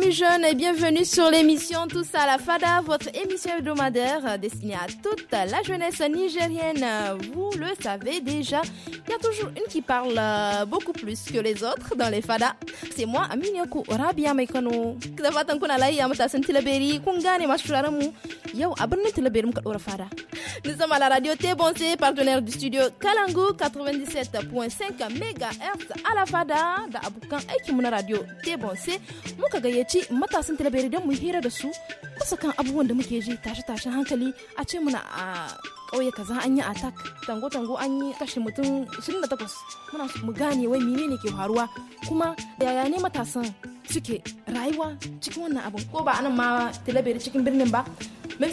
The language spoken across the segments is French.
amis jeunes et bienvenue sur l'émission Tous à la Fada, votre émission hebdomadaire destinée à toute la jeunesse nigérienne. Vous le savez déjà, il y a toujours une qui parle beaucoup plus que les autres dans les Fada. C'est moi, Aminyoku Rabia Mekano. Nous sommes à la radio Téboncé, partenaire du studio Kalangu 97.5 MHz à la Fada et qui aikinmu radio Téboncé. muka ci matasan talabari don mu hira da su kusa kan abubuwan da muke ji tashe-tashen hankali a ce muna a ƙauye kaza an yi attack tango-tango an yi kashe mutum 28 muna mu gane wai ne ke faruwa kuma yaya ne matasan suke rayuwa cikin wannan abin ko ba anan ma talabari cikin birnin ba même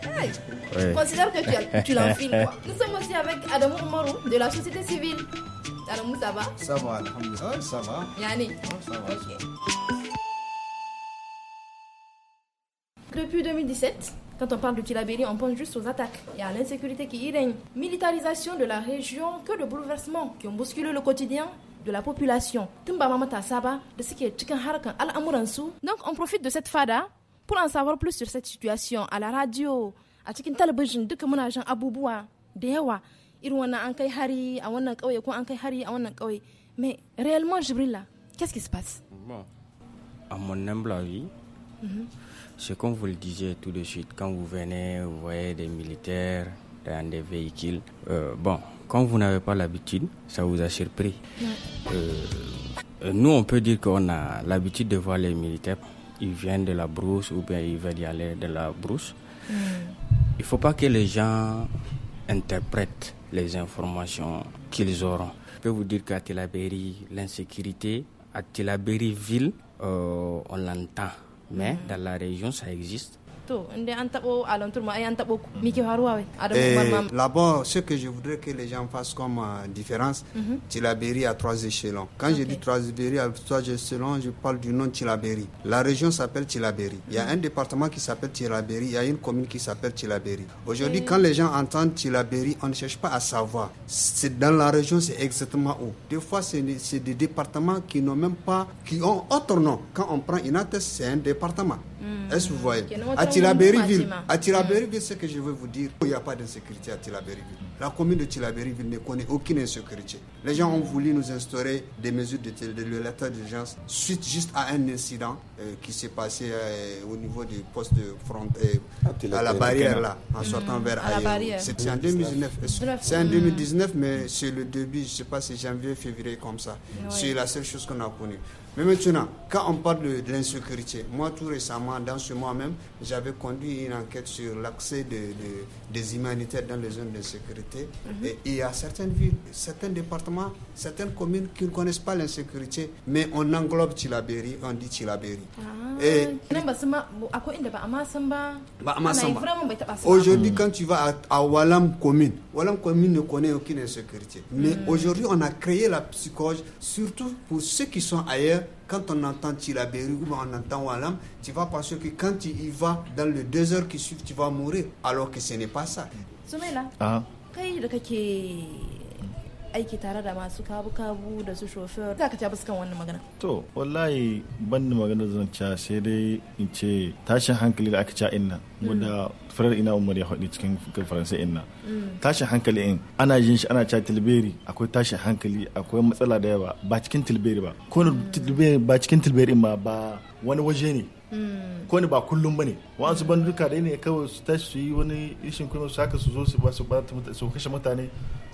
Je considère que tu, tu l'enfiles. Nous sommes aussi avec Adamou Morou de la société civile. Adamou, ça Ça va, ça va. Depuis 2017, quand on parle de Tilabéry, on pense juste aux attaques et à l'insécurité qui y règne. Militarisation de la région, que de bouleversements qui ont bousculé le quotidien de la population. Donc on profite de cette fada pour en savoir plus sur cette situation à la radio à cikin talabijin duka muna jan abubuwa da yawa irin hari a wannan ƙauye ko an hari a wannan mais réellement Jibrila qu'est-ce qui se passe bon, à mon humble avis mhm. c'est comme vous le disiez tout de suite quand vous venez vous voyez des militaires dans des véhicules euh, bon quand vous n'avez pas l'habitude ça vous a surpris euh, euh, nous on peut dire qu'on a l'habitude de voir les militaires ils viennent de la brousse ou bien ils veulent y aller de la brousse. Hmm. Il ne faut pas que les gens interprètent les informations qu'ils auront. Je peux vous dire qu'à Tilaberi, l'insécurité, à Tilaberi ville, euh, on l'entend. Mais hmm. dans la région, ça existe to eh, là eh, ce que je voudrais que les gens fassent comme euh, différence mhm. Tilaberi a trois échelons quand je dis trois trois échelons je parle du nom Tilaberi la région s'appelle Tilaberi il y a mhm. un département qui s'appelle Tilaberi il y a une commune qui s'appelle Tilaberi aujourd'hui quand les gens entendent Tilaberi on ne cherche pas à savoir c'est dans la région c'est exactement où des fois c'est des départements qui n'ont même pas qui ont autre nom quand on prend une atteste, c'est un département Mm. Est-ce que vous voyez À Tilabériville, à ce que je veux vous dire, il n'y a pas d'insécurité à Tilabériville. La commune de Tilabériville ne connaît aucune insécurité. Les gens ont voulu nous instaurer des mesures de, de l'état d'urgence suite juste à un incident euh, qui s'est passé euh, au niveau du poste de front, euh, ah, à la barrière là, en mm. sortant vers Aïe. C'est en 2019. C'est en 2019, mais c'est le début, je ne sais pas, c'est janvier, février comme ça. C'est la seule chose qu'on a connue. Mais maintenant, quand on parle de, l'insécurité, moi tout récemment, dans ce mois même, j'avais conduit une enquête sur l'accès de, des humanitaires dans les zones d'insécurité. Mhm. Et il y a certaines villes, certains départements, certaines communes qui ne connaissent pas l'insécurité, mais on englobe Tilaberi, on dit Tilaberi. Aujourd'hui, quand tu vas à, à Walam commune, voilà comme il ne connaît aucune insécurité. Mais mm. aujourd'hui, on a créé la psychose, surtout pour ceux qui sont ailleurs. Quand on entend Tilaberi ou on entend Walam, tu vas penser que quand il y vas, dans les deux heures qui suivent, tu vas mourir. Alors que ce n'est pas ça. là. ah. aiki tare da masu kabu-kabu da su shofar za ka ta fuskan wannan magana to wallahi ban da magana zan ca sai dai in ce tashin hankali da aka ca inna mm. wanda farar ina umar ya haɗi cikin faransa inna mm. tashin hankali in ana jin shi ana ca tilberi akwai tashin hankali akwai matsala da yawa ba cikin tilberi ba ko mm. tilberi ba cikin tilberi ma ba wani waje ne Hmm. ko ne ba kullum bane wa'ansu banduka da ne kawai su tashi su yi wani ishin kuma su haka su zo su ba su kashe mutane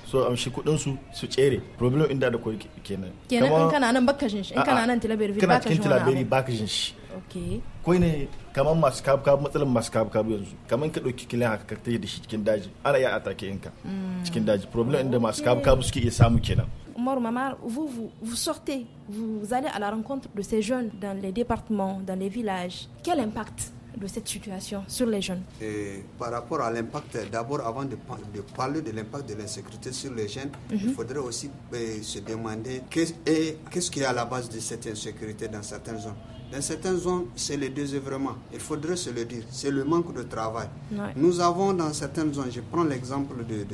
su amshi kudin su su tsere problem inda da koyi kenan kenan in kana nan baka shin shi in kana nan tilaberi baka shin shi kana tilaberi baka shin shi okay ko ne kamar masu kabu kabu matsalan masu kabu kabu yanzu kamar ka dauki kilin haka ka da shi cikin daji ana iya atake inka hmm. cikin daji problem inda masu kabu kabu suke iya samu kenan vous, vous, sortez, vous allez à la rencontre de ces jeunes dans les départements, dans les villages. Quel impact de cette situation sur les jeunes Par rapport à l'impact, d'abord avant de, parler de l'impact de l'insécurité sur les jeunes, il mhm. faudrait aussi euh, se demander qu'est-ce qui est à la base de cette insécurité dans certaines zones. Dans certaines zones, c'est le désœuvrement. Il faudrait se le dire. C'est le manque de travail. Nous avons dans certaines zones, je prends l'exemple de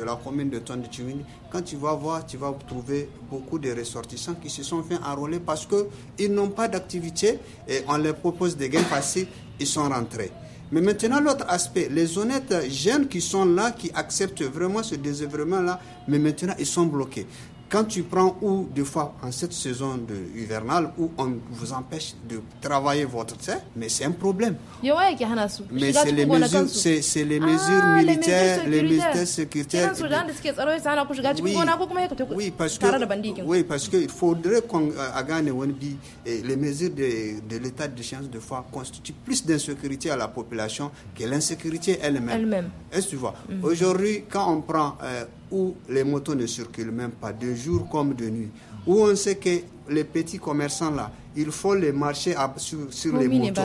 de la commune de Tondichimini, quand tu vas voir, tu vas trouver beaucoup de ressortissants qui se sont fait enrôler parce qu'ils n'ont pas d'activité et on leur propose des gains faciles, ils sont rentrés. Mais maintenant, l'autre aspect, les honnêtes jeunes qui sont là, qui acceptent vraiment ce désœuvrement-là, mais maintenant, ils sont bloqués. Quand tu prends ou des fois en cette saison de hivernale où on vous empêche de travailler votre terre, mais c'est un problème. Mais c'est les ah, mesures, les mesures militaires, les mesures sécuritaires. Oui, parce que oui parce qu'il faudrait qu'on euh, les mesures de, l'état de l'état d'échéance de fois constituent plus d'insécurité à la population que l'insécurité elle-même. Elle-même. Est-ce que tu vois? Mm-hmm. Aujourd'hui, quand on prend euh, où les motos ne circulent même pas de jour comme de nuit, où on sait que les petits commerçants là, il faut les marchés sur, les motos.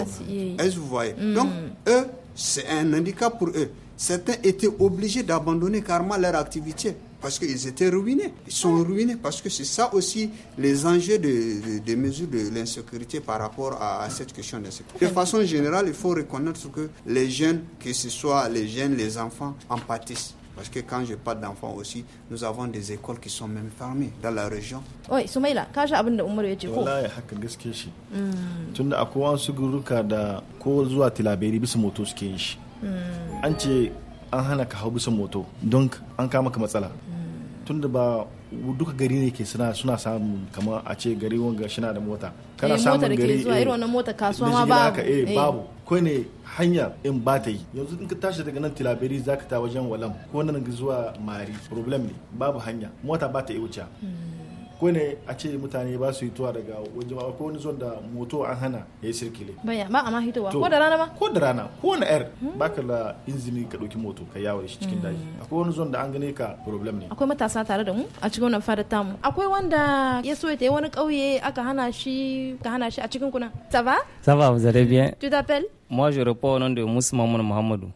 Est-ce que vous voyez mm. Donc, eux, c'est un handicap pour eux. Certains étaient obligés d'abandonner carrément leur activité parce qu'ils étaient ruinés. Ils sont ruinés parce que c'est ça aussi les enjeux des de, mesures de l'insécurité par rapport à, à cette question d'insécurité. De façon générale, il faut reconnaître que les jeunes, que ce soit les jeunes, les enfants, en pâtissent. Parce que quand je parle d'enfants aussi, nous avons des écoles qui sont même fermées dans la région. Oui, Soumaïla, quand j'ai abonné Omar Yeti. Wallahi, haka tu shi. Hmm. Tunda akwai wasu guruka da ko zuwa tilaberi bisa moto suke yi shi. Hmm. An ce an hana ka hau bisa moto, don an kama ka matsala. Hmm. Tunda ba duka gari ne ke suna suna samun kamar a ce gari wanga shi da mota kana eh, samun gari eh irin wannan mota kasuwa ma babu eh, eh. babu ko ne hanya in ba ta yi yanzu in ka tashi daga nan tilaberi zaka ta wajen walam ko nan zuwa mari problem ne babu hanya mota ba ta yi wuce hmm. ko ne a ce mutane ba su hitowa daga wajen ko wani zon da moto an hana ya yi sirkile baya ba a ma hitowa ko da rana ma ko da rana ko na hmm? ba ka da inzini ka ɗauki moto ka yawo shi cikin hmm. daji akwai wani zon da an gane ka problem ne akwai matasa tare da mu a cikin wannan fadar tamu akwai wanda ya so ya wani ƙauye aka hana shi ka hana shi a cikin kuna ça va ça va vous allez bien tu t'appelles moi je réponds au nom de Moussa Mamoun Mohamedou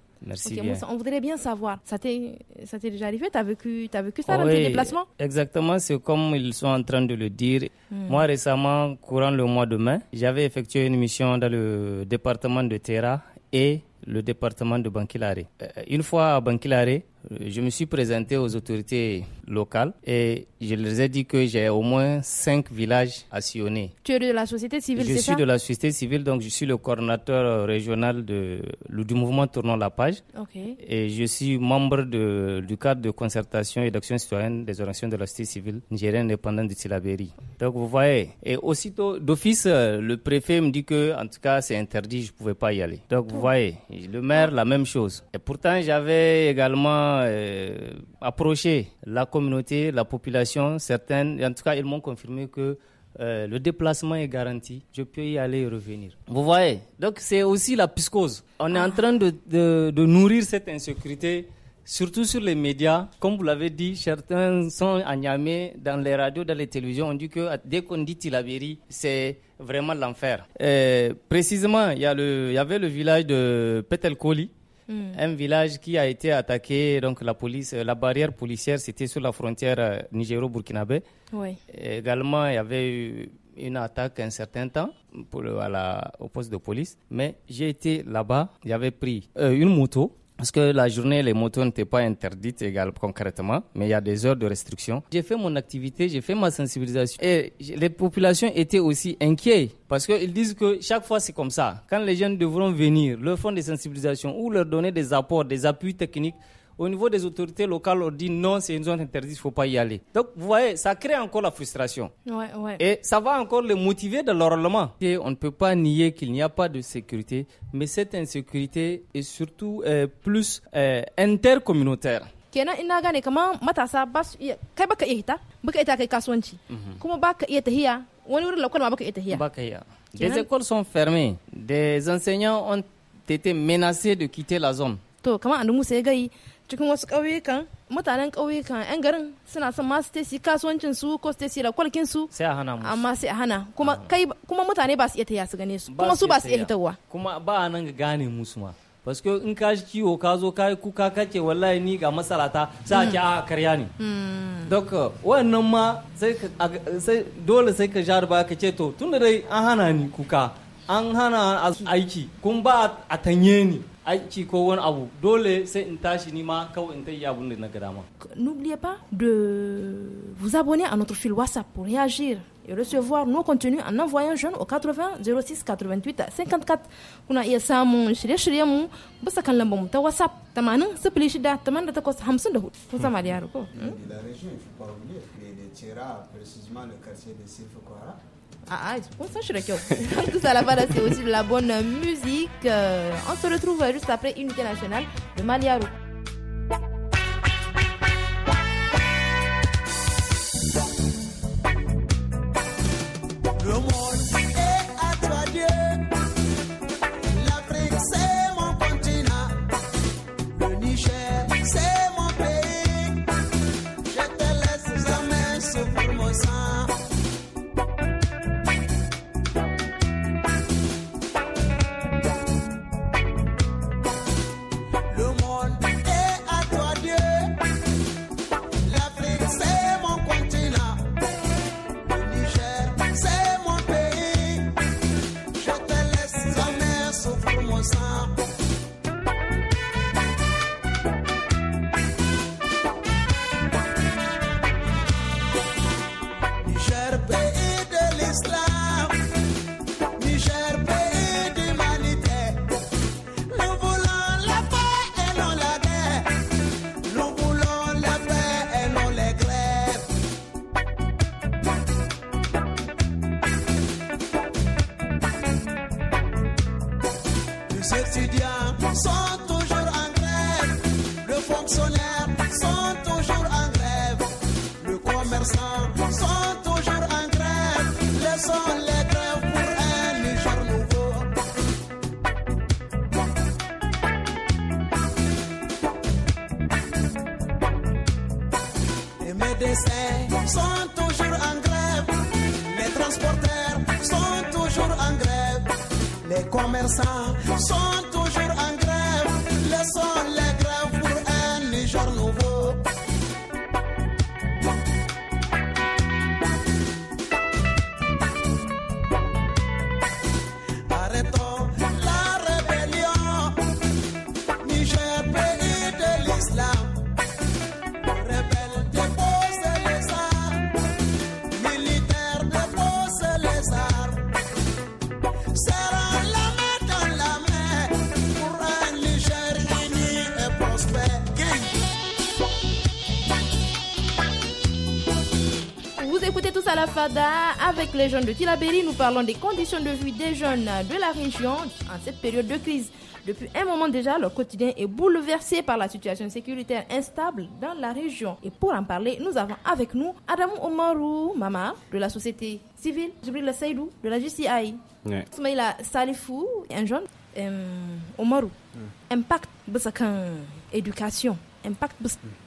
on voudrait bien savoir. Ça t'est déjà arrivé Tu as vécu, vécu ça dans tes déplacements Exactement, c'est comme ils sont en train de le dire. Hmm. Moi, récemment, courant le mois de mai, j'avais effectué une mission dans le département de Terra et le département de Bankilare. Euh, une fois à Bankilare, euh, je me suis présenté aux autorités locales et je leur ai dit que j'ai au moins cinq villages à sillonner. Tu es de la société civile, Je suis de la société civile, donc je suis le coordonnateur euh, régional de, du mouvement Tournons la page. Et je suis membre de, du cadre de concertation et d'action citoyenne des organisations de la société civile nigérienne indépendante de Tilaberi. Donc vous voyez, et aussitôt d'office, euh, le préfet me dit que en tout cas c'est interdit, je ne pouvais pas y aller. Donc vous voyez, le maire, la même chose. Et pourtant j'avais également euh, approcher la communauté, la population, certaines. En tout cas, ils m'ont confirmé que euh, le déplacement est garanti. Je peux y aller et revenir. Vous voyez Donc, c'est aussi la psychose. On est en train de, nourrir cette insécurité surtout sur les médias. Comme vous l'avez dit, certains sont à dans les radios, dans les télévisions. On dit que ah, dès qu'on dit Tilaberi, c'est vraiment l'enfer. Euh, précisément, il y, il y avait le village de Petelkoli Hmm. un village qui a été attaqué. Donc la police, euh, la barrière policière, c'était sur la frontière euh, nigéro-burkinabé. Oui. Également, il y avait eu une attaque un certain temps pour, à la, au poste de police. Mais j'ai été là-bas, j'avais pris euh, une moto parce que la journée, les motos n'étaient pas interdites concrètement, mais il y a des heures de restriction. J'ai fait mon activité, j'ai fait ma sensibilisation. Et les populations étaient aussi inquiètes Parce qu'ils disent que chaque fois c'est comme ça. Quand les jeunes devront venir, leur font des sensibilisations ou leur donner des apports, des appuis techniques, au niveau des autorités locales, on dit non, c'est une zone interdite, il ne faut pas y aller. Donc, vous voyez, ça crée encore la frustration. Et ça va encore les motiver de leur on ne peut pas nier qu'il n'y a pas de sécurité, mais cette insécurité est surtout euh, plus euh, intercommunautaire. Mhm. les des écoles sont fermées des enseignants ont été menacés de quitter la zone to on andu musa cikin wasu ƙauyukan mutanen ƙauyukan 'yan garin suna son ma su tesi kasuwancin su ko su tesi da su sai a hana musu amma sai a hana kuma kai kuma mutane ba su iya taya su gane su kuma su ba su iya hitarwa kuma ba a nan ga gane musu ma paske in ka shi kiwo ka zo ka kuka kake wallahi ni ga masalata sai a ce a karya ne hmm. dok wannan ma sai dole sai ka jar ba ka ce to tunda dai an hana ni kuka an hana aiki kun ba a tanye ni aiki ko wani abu dole sai in tashi ni ma kawai in abun da na N'oubliez pas de vous abonner à notre fil WhatsApp pour réagir et recevoir nos contenus en envoyant jeune au 80 06 88 54 kuna iya samun shirye-shirye mu bisa kan lambar mu ta WhatsApp 80 06 88 54 kun sama da yaro ko. La région, il faut pas oublier, les précisément le quartier de Sifo ah, ah, pour ça, je Donc, tout ça là-bas, c'est aussi de la bonne musique. Euh, on se retrouve juste après Unité Nationale de Maliaro. dançar. avec les jeunes de Tilaberi. Nous parlons des conditions de vie des jeunes de la région en cette période de crise. Depuis un moment déjà, leur quotidien est bouleversé par la situation sécuritaire instable dans la région. Et pour en parler, nous avons avec nous Adamou Omarou Mama de la société civile, le de la JCI, Salifou, un jeune, Omaru. Euh, Omarou. Impact de éducation. Impact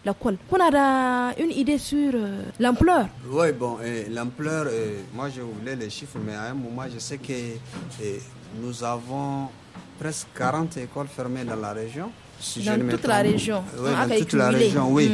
la On a une idée sur euh, l'ampleur Oui, bon, l'ampleur, moi je voulais les chiffres, mais à un moment, je sais que nous avons presque 40 écoles fermées dans la région. dans toute la région. Oui, dans toute la région, oui,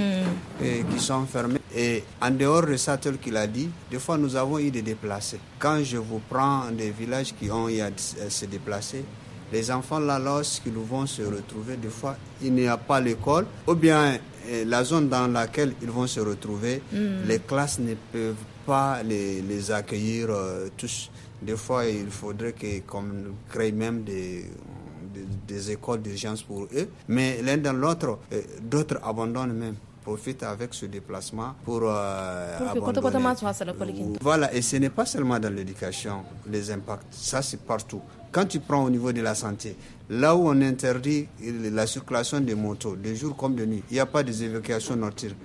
hmm. qui sont fermées. Et en dehors de ça, tel qu'il a dit, des fois nous avons eu des déplacés. Quand je vous prends des villages qui ont eu à se déplacer, les enfants, là, lorsqu'ils vont se retrouver, des fois, il n'y a pas l'école, ou bien eh, la zone dans laquelle ils vont se retrouver, hmm. les classes ne peuvent pas les, accueillir euh, tous. Des fois, il faudrait qu'on crée même des, des, écoles d'urgence pour eux. Mais l'un dans l'autre, euh, d'autres abandonnent même profite avec ce déplacement pour, euh, abandonner. Voilà, et ce n'est pas seulement dans l'éducation, les impacts, ça c'est partout. Quand tu prends au niveau de la santé, Là où on interdit la circulation des motos, de jour comme de nuit, il n'y a pas des évacuations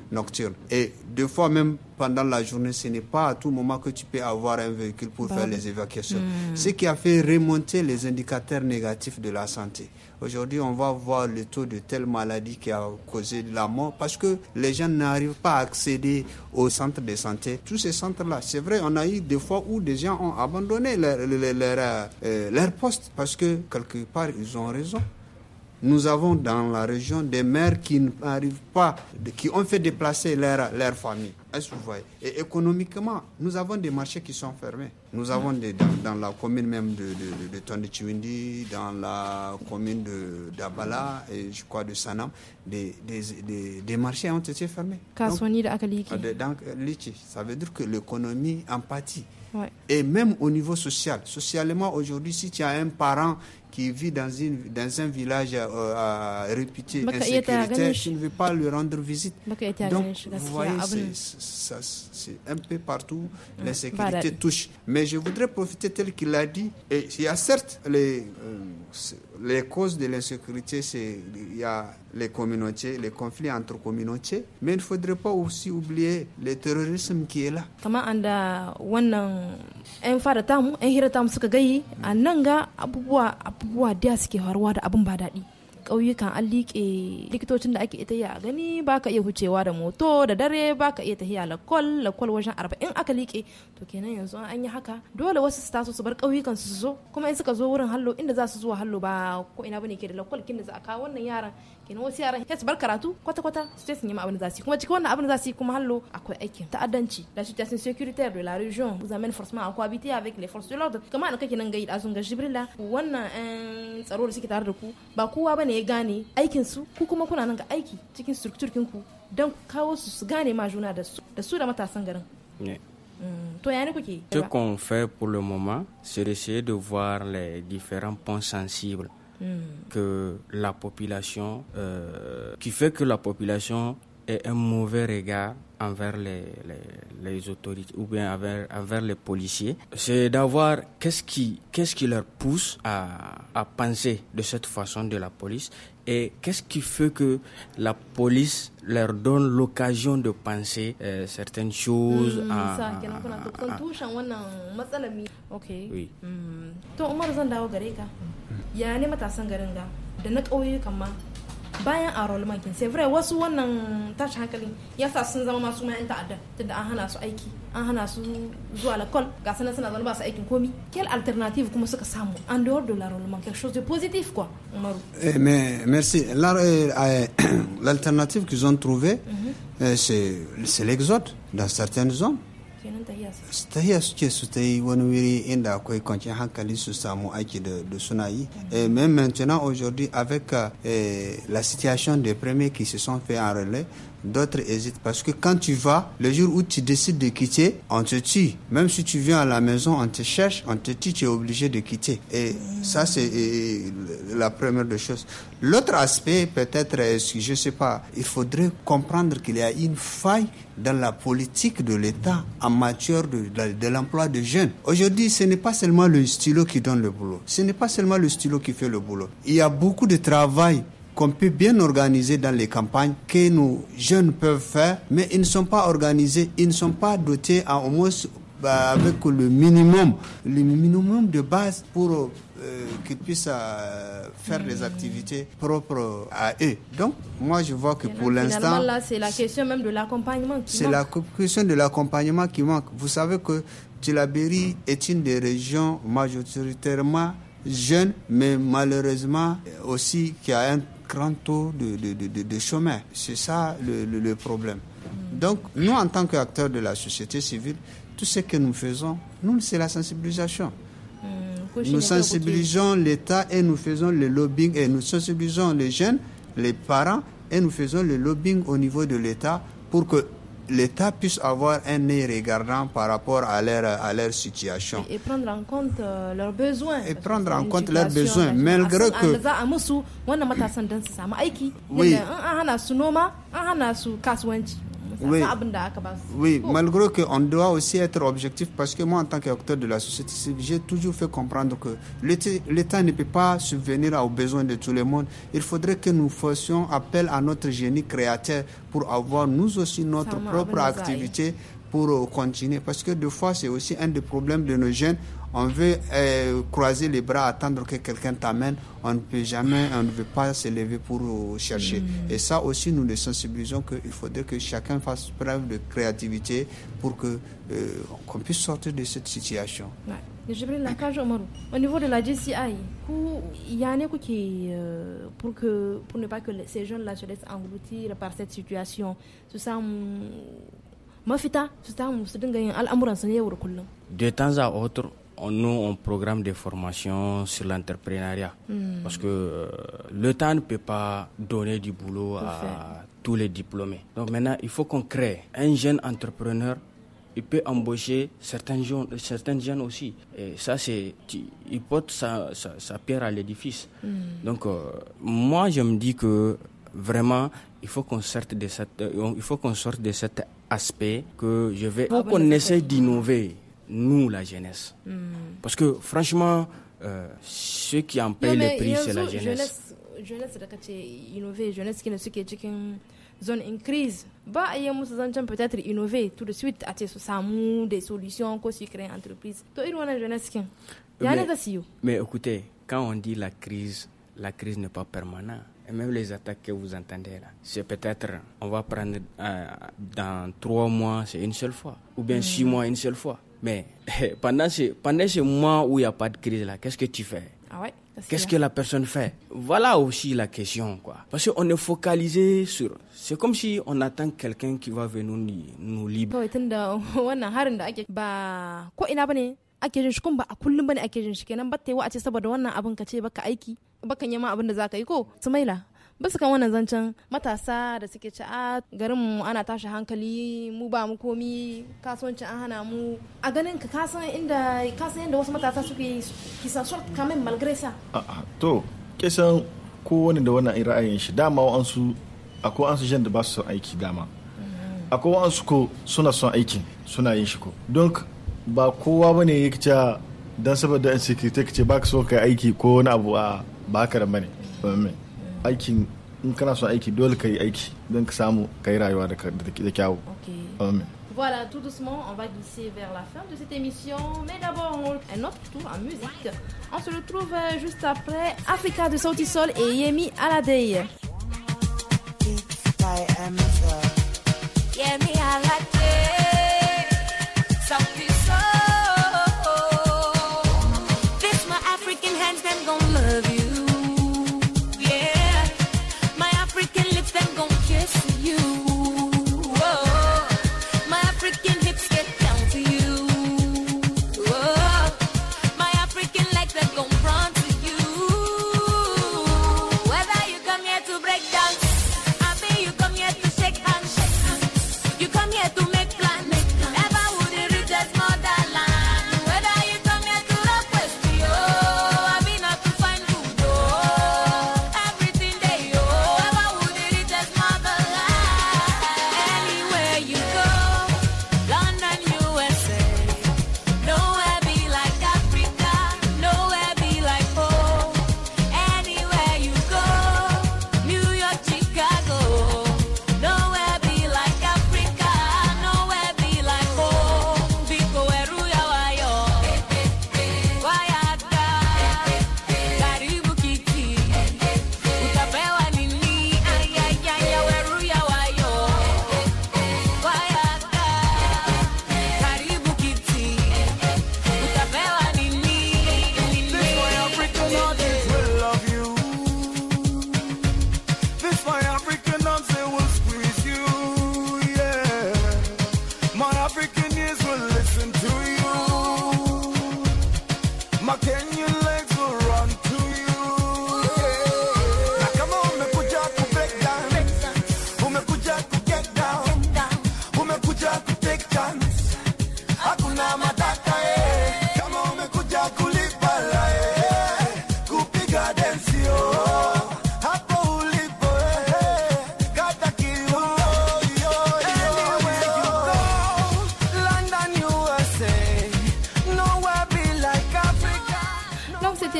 nocturnes. Et deux fois même pendant la journée, ce n'est pas à tout moment que tu peux avoir un véhicule pour bah faire les évacuations. Hmm. Ce qui a fait remonter les indicateurs négatifs de la santé. Aujourd'hui, on va voir le taux de telle maladie qui a causé de la mort parce que les gens n'arrivent pas à accéder aux centres de santé. Tous ces centres-là, c'est vrai, on a eu des fois où des gens ont abandonné leur, euh, leur, poste parce que quelque part, ils ont raison. Nous avons dans la région des mères qui n'arrivent pas, qui ont fait déplacer leur, leur famille. est Et économiquement, nous avons des marchés qui sont fermés. Nous avons des, dans, la commune même de, de, de, dans la commune de d'Abala et je crois de Sanam, des, marchés ont été fermés. Donc, euh, euh, ça veut dire que l'économie empathie. Ouais. Et même au niveau social, socialement aujourd'hui, si tu as un parent qui vit dans, une, dans un village euh, à réputé insécuritaire, je ne vais pas lui rendre visite. Donc, vous voyez, c'est un peu partout l'insécurité hein, touche. Mais je voudrais profiter, tel qu'il l'a dit, et il y a certes les, euh, les causes de l'insécurité, c'est il y a les communautés, les conflits entre communautés, mais il ne faudrait pas aussi oublier le terrorisme qui est là. comment abubuwa da suke faruwa da abin ba daɗi ƙauyukan an liƙe likitocin da ake tahiya a gani baka iya hucewa da moto da dare baka iya tahiya kol lakwal wajen arba'in aka liƙe to kenan yanzu an yi haka dole wasu su taso su bar ƙauyukan su zo kuma in suka zo wurin hallo inda za su zuwa hallo ba ko ina bane ke da lakwal kin da za a kawo wannan yaran kenan wasu yaran sai su bar karatu kwata kwata su je su nemi abin da za su yi kuma cikin wannan abin da za su yi kuma hallo akwai aikin ta'addanci la situation sécuritaire de la région vous amène forcément à cohabiter avec les forces de l'ordre kamar an kake nan gayi da sun ga jibrila wannan eh, tsaro da suke tare da ku ba kowa bane ne ya gane aikin su ku kuma kuna nan ga aiki cikin strukturkin ku don kawo su su gane ma juna da su da su da matasan garin Mmh. Ce qu'on fait pour le moment, c'est d'essayer de voir les différents points sensibles mm. que la population, euh, qui fait que la population ait un mauvais regard envers les, les, autorités ou bien envers, envers les policiers, c'est d'avoir qu'est-ce qui, qu'est-ce qui leur pousse à, à penser de cette façon de la police et qu'est-ce qui fait que la police leur donne l'occasion de penser euh, certaines choses mm, à, oui. Mm bayan a rol makin sai vrai wasu wannan tashi hankalin yasa sun zama masu mayan ta'adda tunda an hana su aiki an hana su zuwa lakol ga sanan suna zama ba su aikin komi quelle alternative kuma suka samu en dehors de la rol quelque chose de positif quoi Umaru eh, mais merci euh, euh, l'alternative qu'ils ont trouvé mhm. euh, c'est c'est l'exode dans certaines zones kenan tahiya su tahiya suke su ta yi wani wuri inda akwai kwanciyar hankali su samu aiki da suna yi eh, mais maintenant aujourd'hui avec eh, la situation des premiers qui se sont fait en relais d'autres hésitent. Parce que quand tu vas, le jour où tu décides de quitter, on te tue. Même si tu viens à la maison, on te cherche, on te tue, tu es obligé de quitter. Et ça, c'est la première des choses. L'autre aspect, peut-être, je ne sais pas, il faudrait comprendre qu'il y a une faille dans la politique de l'État en matière de, l'emploi de l'emploi des jeunes. Aujourd'hui, ce n'est pas seulement le stylo qui donne le boulot, ce n'est pas seulement le stylo qui fait le boulot. Il y a beaucoup de travail qu'on peut bien organiser dans les campagnes, que nos jeunes peuvent faire, mais ils ne sont pas organisés, ils ne sont pas dotés à au moins bah, avec le minimum, le minimum de base pour euh, qu'ils puissent euh, faire les activités propres à eux. Donc, moi, je vois que pour l'instant... Là, c'est la question même de l'accompagnement C'est la question de l'accompagnement qui manque. Vous savez que Tilaberi est une des régions majoritairement jeunes, mais malheureusement euh, aussi qui a un grand taux de, de, de, chômage. C'est ça le, problème. Donc, nous, en tant qu'acteurs de la société civile, tout ce que nous faisons, nous, c'est la sensibilisation. Euh, nous sensibilisons l'État et nous faisons le lobbying et nous sensibilisons les jeunes, les parents et nous faisons le lobbying au niveau de l'État pour que l'État puisse avoir un nez regardant par rapport à leur, situation. Et, prendre en compte leurs besoins. Et prendre en compte leurs besoins, malgré que oui. Bah, oui, malgré qu'on doit aussi être objectif, parce que moi, en tant qu'acteur de la société civile, j'ai toujours fait comprendre que l'État ne peut pas subvenir aux besoins de tout le monde. Il faudrait que nous fassions appel à notre génie créateur pour avoir nous aussi notre propre activité pour euh, continuer. Parce que des fois, c'est aussi un des problèmes de nos jeunes on veut euh, croiser les bras, attendre que quelqu'un t'amène. On ne peut jamais, on ne veut pas se lever pour euh, chercher. Mm. Et ça aussi, nous le sensibilisons qu'il faudrait que chacun fasse preuve de créativité pour que euh, qu'on puisse sortir de cette situation. Au niveau de la DCI, il y a un pour, que, pour ne pas que ces jeunes-là se laissent engloutir par cette situation. ça, mm, mm, De temps à autre, on, nous, on programme des formations sur l'entrepreneuriat. Hmm. Parce que euh, le temps ne peut pas donner du boulot à tous les diplômés. Donc maintenant, il faut qu'on crée un jeune entrepreneur. Il peut embaucher certains jeunes, certains jeunes aussi. Et ça, c'est, il porte sa, pierre à l'édifice. Hmm. Donc, euh, moi, je me dis que vraiment, il faut qu'on sorte de cette, euh, il faut qu'on sorte de cet aspect que je vais, ah, qu'on essaie d'innover nous, la jeunesse. Hmm. Parce que franchement, euh, ceux qui en payent le prix, c'est la jeunesse. Jeunesse c'est kace innover, jeunesse qui ne suke qu'une zone en crise. Ba a peut-être innover tout de suite à ce des solutions ko su créer entreprise. To a jeunesse Mais écoutez, quand on dit la crise, la crise n'est pas permanente. Et même les attaques que vous entendez là, c'est peut-être, on va prendre euh, dans trois mois, c'est une seule fois. Ou bien six hmm. mois, une seule fois. Mais pendant ce, pendant ce mois où il n'y a pas de crise, là, qu'est-ce que tu fais ah ouais, Qu'est-ce que la personne fait Voilà aussi la question. Quoi. Parce qu'on est focalisé sur... C'est comme si on attend quelqu'un qui va venir nous, nous libérer. bisa kan wannan zancen matasa da suke ci a ah, garin mu ana tashi hankali mu ba mu komi kasuwanci an hana mu a ganin ka kasan inda kasan inda wasu matasa suke kisa short kamen malgresa a'a to kisan kowane da wannan ra'ayin shi dama su akwai su jan da ba su son aiki dama akwai su ko suna son aikin suna yin shi ko don ba kowa bane yake cewa don saboda in security ka baka so kai aiki ko wani abu a baka da Voilà, tout doucement, on va glisser vers la fin de cette émission. Mais d'abord, un autre tour en musique. On se retrouve euh, juste après Africa de Sautisol et Yemi Aladei.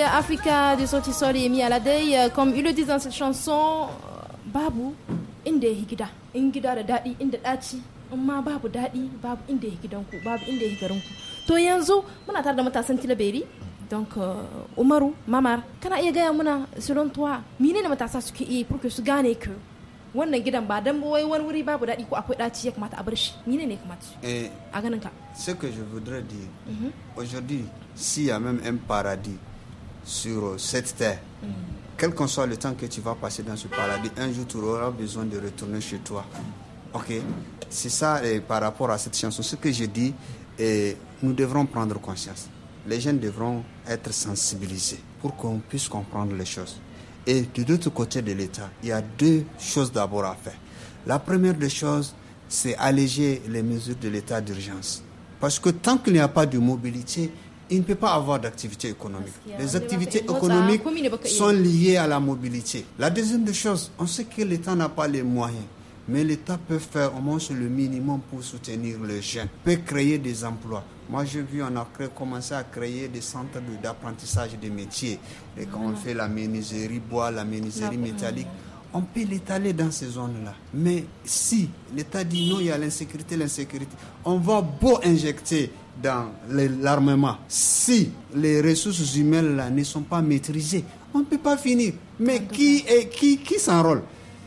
Africa de Sotisol et la Aladei, euh, comme ils le disent dans cette chanson, euh, Babu, Inde Higida, Ingida da Dadi, Inde Dachi, Umma Babu Dadi, Babu Inde Higidanku, Babu Inde Higaranku. To yanzu muna tare da matasan Tilaberi, donc Omaru, euh, Mamar, kana iya gaya muna selon toi, Mine matasa suke yi pour que ce gagne que wannan gidan ba dan wai wani wuri babu daɗi ko akwai ɗaci ya kamata a bar shi mine ne kamata eh, a ganin ka ce que je voudrais dire mhm. aujourd'hui s'il y a même un paradis sur euh, cette terre, mm. quel qu'en soit le temps que tu vas passer dans ce paradis, un jour tu auras besoin de retourner chez toi. Mm. Ok C'est ça et par rapport à cette chanson. Ce que j'ai dit, et nous devrons prendre conscience. Les jeunes devront être sensibilisés pour qu'on puisse comprendre les choses. Et de l'autre côté de l'État, il y a deux choses d'abord à faire. La première des choses, c'est alléger les mesures de l'état d'urgence. Parce que tant qu'il n'y a pas de mobilité, il ne peut pas avoir d'activité économique. Les activités économiques hein, sont liées à la mobilité. La deuxième des choses, on sait que l'État n'a pas les moyens. Mais l'État peut faire au moins le minimum pour soutenir les jeunes, peut créer des emplois. Moi, j'ai vu, on a commencé à créer des centres d'apprentissage des métiers. Et quand on fait la menuiserie bois, la menuiserie métallique, on peut l'étaler dans ces zones-là. Mais si l'État dit non, il y a l'insécurité, l'insécurité, on va beau injecter dans l'armement, si les ressources humaines là ne sont pas maîtrisées, on ne peut pas finir. Mais qui, est, qui, qui s'enrôle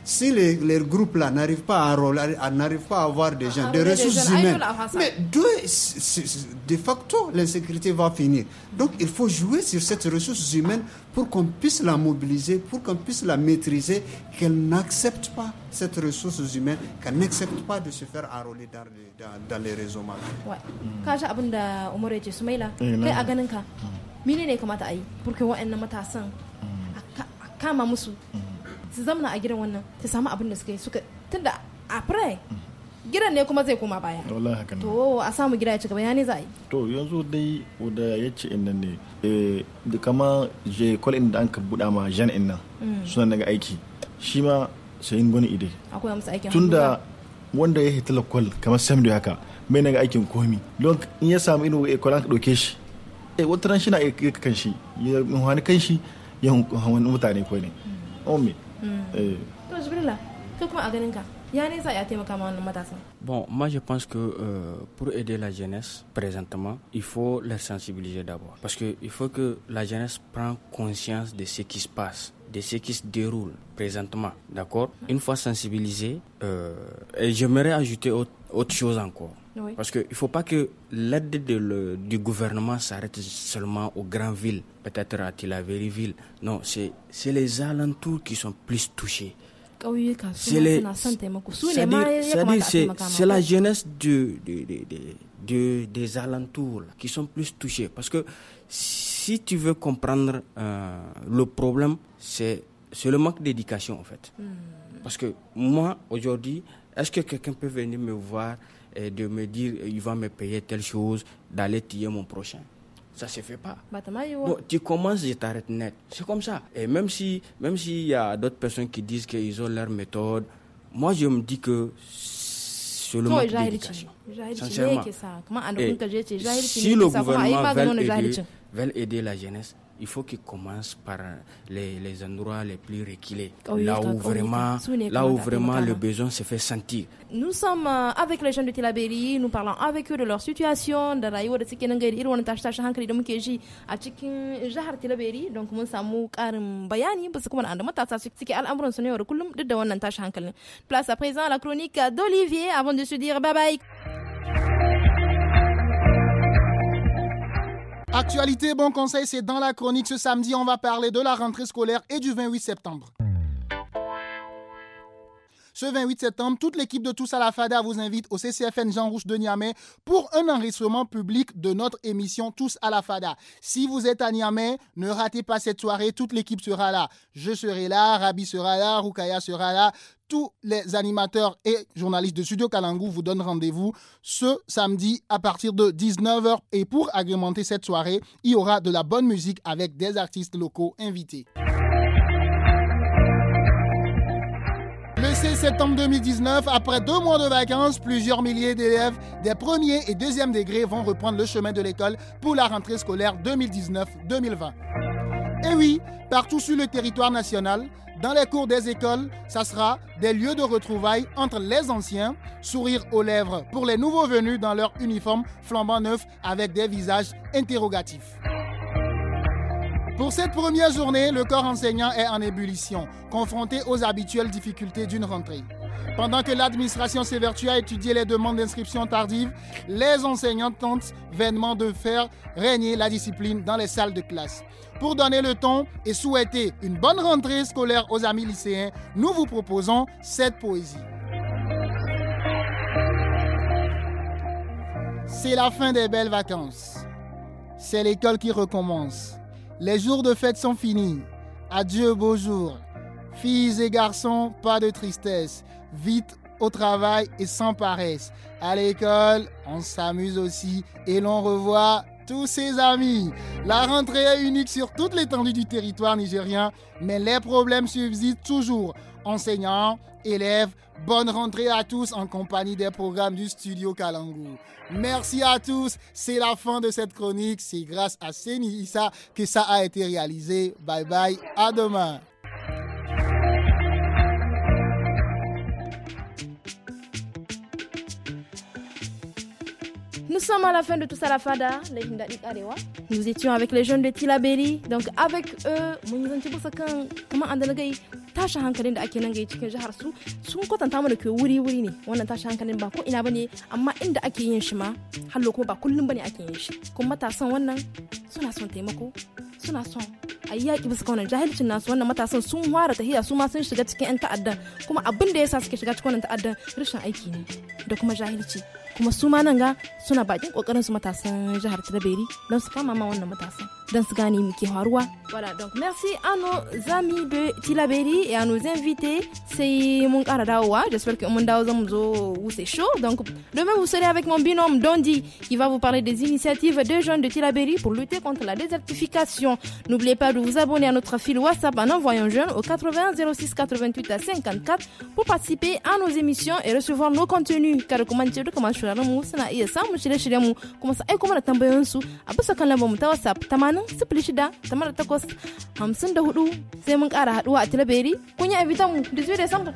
si les, groupes-là n'arrivent pas à, pas à avoir des gens, des ressources humaines, mais de, facto, l'insécurité va finir. Donc, il faut jouer sur cette ressource humaine pour qu'on puisse la mobiliser, pour qu'on puisse la maîtriser, qu'elle n'accepte pas cette ressource humaine, qu'elle n'accepte pas de se faire enrôler dans les, réseaux mafieux. Ouais. su zamana a gidan wannan ta samu abin da suka yi suka tunda a pray gidan ne kuma zai koma baya to a samu gida ya ci gaba ya ne za a yi to yanzu dai da ya ce in nan ne eh, da kama je kwalin da an ka buɗa ma jan in nan mm. suna daga aiki shi ma sai in gwani ide akwai musu aikin tunda wanda ya hitila kwal kamar sam da haka mai naga aikin komi don in ya samu inu ya eh, kwalan ka ɗauke shi eh wata ran shi na iya kan shi ya hannu kan shi ya hannu mutane ko ne mm. Hmm. Eh. bon moi je pense que euh, pour aider la jeunesse présentement il faut les sensibiliser d'abord parce que il faut que la jeunesse prenne conscience de ce qui se passe de ce qui se déroule présentement d'accord hmm. une fois sensibilisée euh, j'aimerais ajouter autre chose encore parce qu'il ne faut pas que l'aide du gouvernement s'arrête seulement aux grandes villes, peut-être à ville. Non, c'est les alentours qui sont plus touchés. C'est la jeunesse de des alentours qui sont plus touchés. Parce que si tu veux comprendre euh, le problème, c'est le manque d'éducation en fait. Hmm. Parce que moi, aujourd'hui, est-ce que quelqu'un peut venir me voir et de me dire euh, il va me payer telle chose, d'aller tuer mon prochain. Ça se fait pas. Bah, hein. tu commences et t'arrêtes net. C'est comme ça. Et même si, même s'il y a d'autres personnes qui disent qu'ils ont leur méthode, moi je me dis que c'est le aider la jeunesse, il faut qu'ils commencent par les, endroits les plus reculés, là où vraiment, là où vraiment le besoin se fait sentir. Nous sommes euh, avec les gens de Tilaberi, nous parlons avec eux de leur situation, donc Place à présent la chronique d'Olivier avant de se dire bye bye. Actualité, bon conseil, c'est dans la chronique. Ce samedi, on va parler de la rentrée scolaire et du 28 septembre. Ce 28 septembre, toute l'équipe de Tous à la Fada vous invite au CCFN Jean Rouge de Niamey pour un enregistrement public de notre émission Tous à la Fada. Si vous êtes à Niamey, ne ratez pas cette soirée, toute l'équipe sera là. Je serai là, Rabi sera là, Rukaya sera là, tous les animateurs et journalistes de Studio Kalangou vous donnent rendez-vous ce samedi à partir de 19h. Et pour agrémenter cette soirée, il y aura de la bonne musique avec des artistes locaux invités. septembre 2019. Après deux mois de vacances, plusieurs milliers d'élèves des premiers et deuxièmes degrés vont reprendre le chemin de l'école pour la rentrée scolaire 2019-2020. Et oui, partout sur le territoire national, dans les cours des écoles, ça sera des lieux de retrouvailles entre les anciens, sourire aux lèvres pour les nouveaux venus dans leur uniforme flambant neuf avec des visages interrogatifs. Pour cette première journée, le corps enseignant est en ébullition, confronté aux habituelles difficultés d'une rentrée. Pendant que l'administration s'évertue à étudier les demandes d'inscription tardives, les enseignants tentent vainement de faire régner la discipline dans les salles de classe. Pour donner le ton et souhaiter une bonne rentrée scolaire aux amis lycéens, nous vous proposons cette poésie. C'est la fin des belles vacances. C'est l'école qui recommence. Les jours de fête sont finis. Adieu beau jour. Filles et garçons, pas de tristesse. Vite au travail et sans paresse. À l'école, on s'amuse aussi et l'on revoit tous ses amis. La rentrée est unique sur toute l'étendue du territoire nigérien, mais les problèmes subsistent toujours. Enseignants, élèves, bonne rentrée à tous en compagnie des programmes du studio Kalangu. Merci à tous, c'est la fin de cette chronique. C'est grâce à Seni Issa que ça a été réalisé. Bye bye, à demain. Nous sommes à la fin de tout ça la fada, Nous étions avec les jeunes de Tilaberi, donc avec eux, mun zance ba sakan kuma an dalgai tashin hankalin da ake nan gai cikin jihar su sun kwatanta mana ke wuri wuri ne wannan tashin hankalin ba ko ina bane amma inda ake yin shi ma hallo kuma ba kullum bane ake yin shi kuma matasan wannan suna son taimako suna son a yi yaƙi bisa wannan jahilcin nasu wannan matasan sun ware tahiya su ma sun shiga cikin 'yan ta'addan kuma abin da yasa suke shiga cikin wannan ta'addan rashin aiki ne da kuma jahilci kuma su ma nan ga suna bakin kokarin su matasan jihar Tilaberi don su kama ma wannan matasan Mikiharwa. Voilà, donc merci à nos amis de Tilaberi et à nos invités. C'est mon J'espère que mon c'est chaud. Donc demain, vous serez avec mon binôme Dondi qui va vous parler des initiatives de jeunes de Tilaberi pour lutter contre la désertification. N'oubliez pas de vous abonner à notre fil WhatsApp en envoyant jeune au 80 06 88 à 54 pour participer à nos émissions et recevoir nos contenus. Car tamanin sifili shida tamar takwas hamsin da hudu sai mun kara haduwa a tilaberi kun yi abitan mu 18 december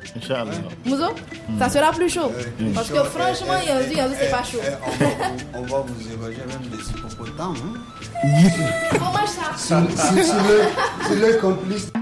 mu zo hmm. ça sera plus chaud eh, parce que franchement yanzu yanzu c'est pas chaud eh, on va vous évager même des hippopotames hein? ça c'est le complice